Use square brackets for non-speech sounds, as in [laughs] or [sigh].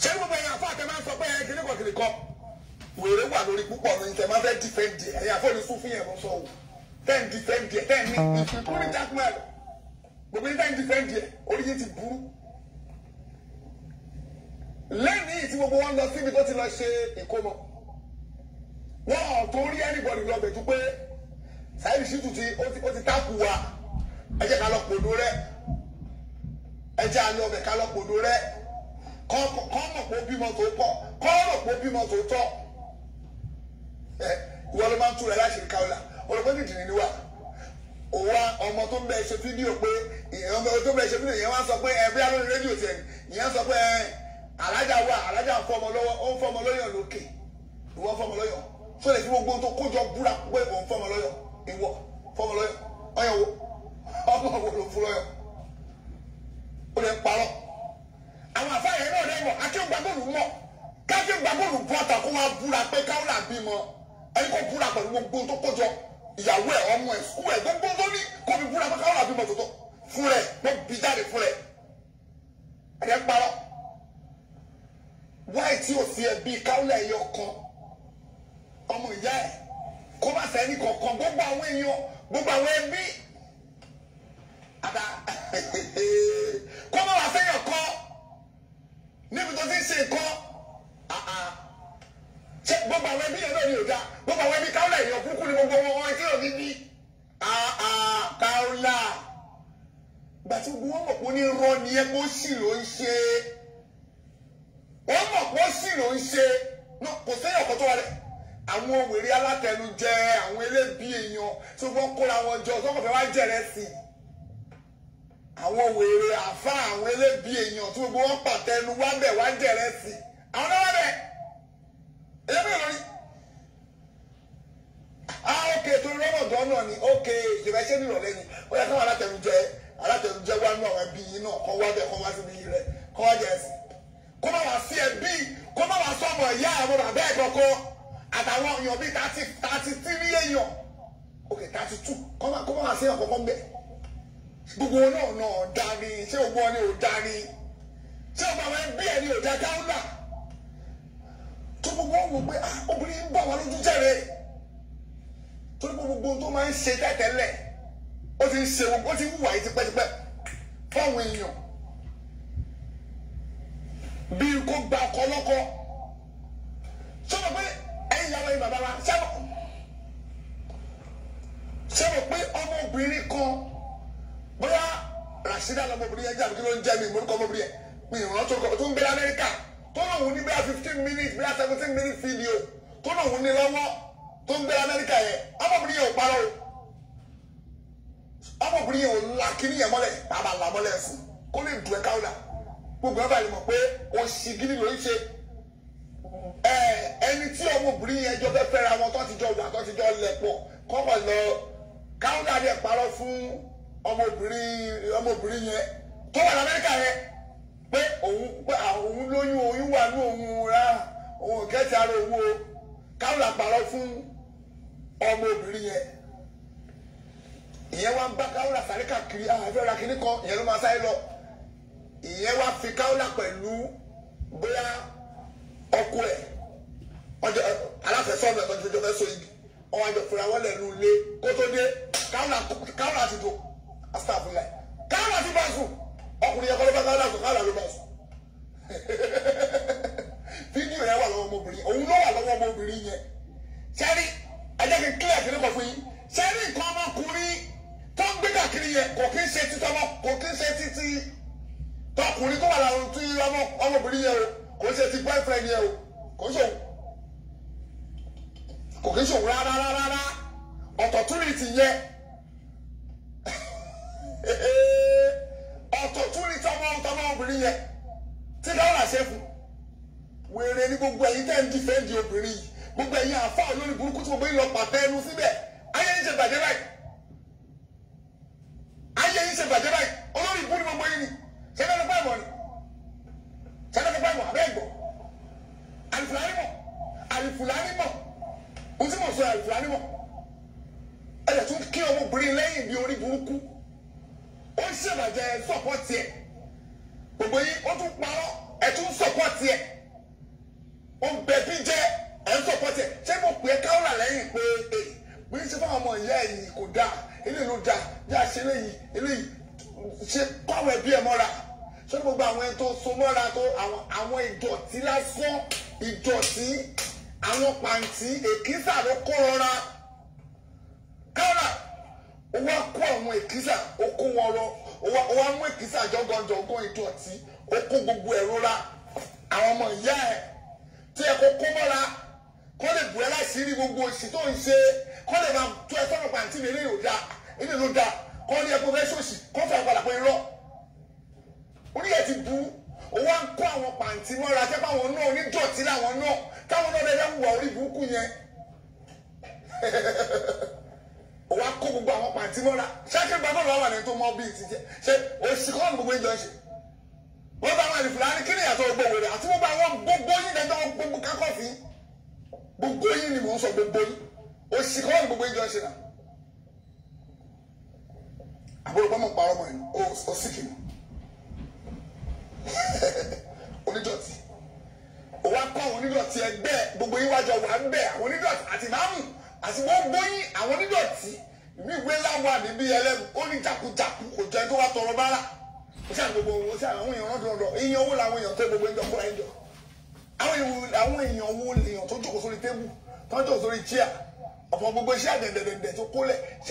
ṣé gbogbo ẹ̀yin àfọ àtẹ máa ń sọ pé ẹ̀yin kìnnìkan kìnnìkan wèrè wà lórí púpọ̀ ní ìtẹ̀ fẹ́ dìfẹ́ǹdì ẹ̀yin àfọ ìlú sùfún yẹn mọ́ wò ten dìfẹ́ǹdì ẹ̀ ten ní ìfìkú ní jákèmẹ́lì gbogbo ní ten dìfẹ́ǹdì ẹ̀ orí ti burú. lẹ́ni tí gbogbo wọn lọ síbi tó ti lọ ṣe ìkómọ wọn ò tó rí anybody lọ bẹ̀jú pé sáyẹ́nì kọ́mọ̀ kó bímọ tó pọ̀ kọ́mọ̀ kó bímọ tó tọ́ ẹ wọ́n ló máa ń túra láṣìírí káwọ́lá olùkọ́ ní ìdìní ni wà òwa ọmọ tó ń bẹ ṣe fídíò pé ọmọ tó ń bẹ ṣe fídíò yẹn wá sọ pé ẹ bí alóni rédíò tiẹ̀ yẹn sọ pé ẹ alájà wà alájà ń fọmọ lọ́wọ́ ó ń fọmọ lọ́yọ̀ lókè ìwọ fọmọ lọ́yọ̀ tó lè fi gbogbo tó kójọ búra pé òun fọmọ lọ́yọ̀ ìwọ fọmọ lọ́yọ̀ ọyàn wo [laughs] ọmọ wo ló fún lọ́yọ̀ ó lè parọ́ àwọn àfáà yẹn mọ̀ àti ó gba bọ́ọ̀lù mọ̀ kájí gba bọ́ọ̀lù bú àtàkó wa búra pé káwọ́là bímọ ẹni kò búra pẹ̀lú gbogbo tó kójọ ìyàwó ẹ̀ ọmọ ẹ̀ sùkú ẹ̀ gbogbo tó ní kò fi búra pé káwọ́là bímọ tòótọ́ fún rẹ̀ ló bí jáde fún rẹ̀ ẹ̀rẹ́ parọ́ wáyé tí ò sí ẹbí káwọ́là ẹ̀yọ kan ọmọ ìyá ẹ̀ kó má sẹ́ni kọ̀ọ̀kan gbogbo àwọn èèyàn gbogbo àwọn ẹbí àdá [laughs] gbàtí wọ́n mọ̀ pé ní rọ́ ni ẹ kó sì ló ń ṣe wọ́n mọ̀ pé ó sì ló ń ṣe kò sẹ́yìn ọ̀pọ̀ tó àwọn wèrè alátẹnujẹ àwọn eléèbí èèyàn tí wọ́n kóra wọn jọ sọ́kàn wá jẹrẹ sí àwọn wèrè àfa àwọn eléèbí èèyàn tí gbogbo wọn pàtẹnu wá bẹ̀ wá jẹrẹ sí àwọn náà bẹ̀ èyí lórí. ah ok torí rọ́mọ̀dọ́ náà ni ok ìṣèlú ẹṣẹ́ nìrọ̀lẹ́ ni ó yẹ káwọn alátẹnujẹ alátẹnujẹ wa náà ẹbí yìí náà kọ́ wá bẹ́ẹ̀ kọ́ wá síbi yìí rẹ̀ kọ́ wá jẹ́ kó má wá sí ẹbí kó má wá sọmọ ìyá àwọn bàbá ẹ̀ kọ́kọ́ àtàwọn èèyàn bíi thirty thirty three èèyàn ok thirty two kó má kó má wá sí ẹ̀yàn kọ́kọ́ mbẹ́ gbogbo náà náà dání ṣé o gbọ́ ni o dání ṣé o bàbá ẹbí ẹ̀ ni o dá dáúnà tó gbogbo wò pé ah, obìnrin ń bọ̀ wọn lójú jẹ́rẹ̀ẹ́ tó gbogbo tó máa ń ṣe tẹ́tẹ́lẹ̀ ó ti ń ṣe ó ti ń wùwà yìí tipẹ́tipẹ́ fáwọn èèyàn bíi kó gba ọkọ lọ́kọ sọ́dọ̀ pé ẹ̀yin ìyá wa yìí bàbá wa sẹ́wọ̀ sẹ́wọ̀ pé ọmọbìnrin kan bóyá Rasheedat lọmọbìnrin yẹn jàbí kí ló ń jẹ́ mi ìmọ̀lùkọ́ ọmọbìnrin yẹn mi ìrànlọ́ tó ń gbé Amẹ́ríkà tó lóun ní bí i fifteen minutes bí i seventeen minutes fídíò tó lóun ní lọ́wọ́ tó ń gbé Amẹ́ríkà yẹn ọmọbìnrin yẹn ò parọ́ o ọkùnrin yẹn ò la kíní yẹn mọ́lẹ̀ bàbá là mọ́lẹ̀ fún kó lè dùn ẹ́ káwọ́dà gbogbo ẹ̀ báyìí mọ̀ pé oṣì gidi ló ń ṣe ẹni tí ọmọbìnrin yẹn jọ fẹ́ fẹ́ra wọn tó ti jọ wà tó ti jọ lẹ̀ pọ̀ kọ́kọ́ lọ káwọ́dà yẹn parọ́ fún ọmọbìnrin ọmọbìnrin yẹn tó wà lamẹ́ríkà yẹn pé òun pé òun lóyún oyún wà ní òun ra òun kẹ́tì ara òun o káwọ́dà parọ́ fún ọmọbìnrin yẹn ìyẹn wá ń bá káwọ́là sáré káàkiri àfẹ́ ah, ra kínní kan ìyẹn ló máa sáré lọ ìyẹn wá fi káwọ́là pẹ̀lú bóyá ọkọ ẹ̀ ọjọ́ aláfẹ́sọ́nù ẹ̀ tọ́jú fẹjọ́ fẹ́sọ igi ọwọ́ àjọ fúnra wọlé ẹnu ilé kótó dé káwọ́là ti dùn astagfirullah. yẹ kò kí ń ṣe títí ọmọ kò kí ń ṣe títí tọkùnrin tó wà láwọn tí ọmọbìnrin yẹ o kò ṣe ti boyfriend yẹ o kò ń ṣòwò kò kí ń ṣòwò rárá rárá ọ̀tọ̀ yẹ ọ̀tọ̀ ọmọ ọmọ obìnrin yẹ tí dáwọ́là ṣe fún wèrè ní gbogbo ẹ̀yin tẹ́ ń dìfẹ́ǹdì obìnrin yìí gbogbo ẹ̀yin àfa olórí burúkú tí gbogbo yìí lọ pàtẹ́ ẹnu síbẹ̀ ayé ń ṣe bàjẹ́ báyìí. ẹ sọpọ́tì ẹ gbogbo yìí ó tún parọ́ ẹ tún sọpọ́tì ẹ ó ń bẹ bí jẹ ẹ ń sọpọ́tì ẹ ṣé mo pè é káwọ́rà lẹ́yìn pé bí ń ṣe fún àwọn ọmọ ìyá ẹ̀yìn kò dáa eléyìí ló dáa bí a ṣe eléyìí eléyìí ṣe pàwọ̀ ẹbí ẹ mọ́ra ṣé gbogbo àwọn ẹni tó so mọ́ra tó àwọn ìdọ̀tí lásán ìdọ̀tí àwọn pàǹtí èkìsà ló kó rọra káwọ́rà o wá kó àwọn èkìsà ó kó wọn lọ ó wá mú ìkísà jọgànjọgàn ètò ọtí ó kó gbogbo ẹ̀rọ ra àwọn ọmọ ìyá ẹ̀ tí ẹ kó kó mọ́ra kó lè bù ẹ́ láti rí gbogbo òsì tó ń ṣe kó lè máa tó ẹ sọ́nà pàǹtí mi eléyìí ò dáa eléyìí ló dáa kó ní ẹkọ fẹ́ ṣòṣì kó fẹ́ padà pé irọ́ orí ẹ ti bu òun ń kó àwọn pàǹtí mọ́ra tẹ́ báwọn náà onídọ̀tí láwọn náà táwọn náà lẹ́dá wùwà orí burúkú yẹn. [laughs] gbogbo àwọn pàǹtí mọ́ra ṣẹ́kẹ́ gba bọ́ọ̀lù wà ní tó mọ́ bíi ti jẹ́ ṣe òsì kọ́ ní gbogbo ìjọ ṣe. wọ́n bá wọn àlè fúlàní kí ni ìyàtọ̀ gbogbo rẹ̀ àti gbogbo àwọn gbogbo yín dandan gbogbo kákọ́fì gbogbo yín ni mò ń sọ gbogbo yín òsì kọ́ ní gbogbo ìjọ ṣe náà. àbúrò pọ́nmọ́ parọ́ mọ́ ẹ̀nu ó sì kì í onídọ̀tí òwa kọ́ àwọn onídọ̀tí ẹgbẹ́ gbogbo yín wájọ wà ń bẹ̀ àwọn onídọ̀tí àti máàmù àti gbogbo yín àwọn onídọ̀tí níwèé láwa níbí ẹlẹ́nu ó ní jakujaku kò jẹ́ tó wá tọrọ bá rà ó sàn gbogbo owó sí àwọn èèyàn rọ́dọ̀rọ̀ iye owó làwọn èèyàn tó gbogbo ẹjọ́ kóra ẹjọ́ àwọn èèyàn owó lèèyàn tó jókòó sórí tébù tó jókòó sórí chíà ọ̀pọ̀ gbogbo iṣẹ́ àdẹ̀dẹ̀dẹ̀ tó kólẹ̀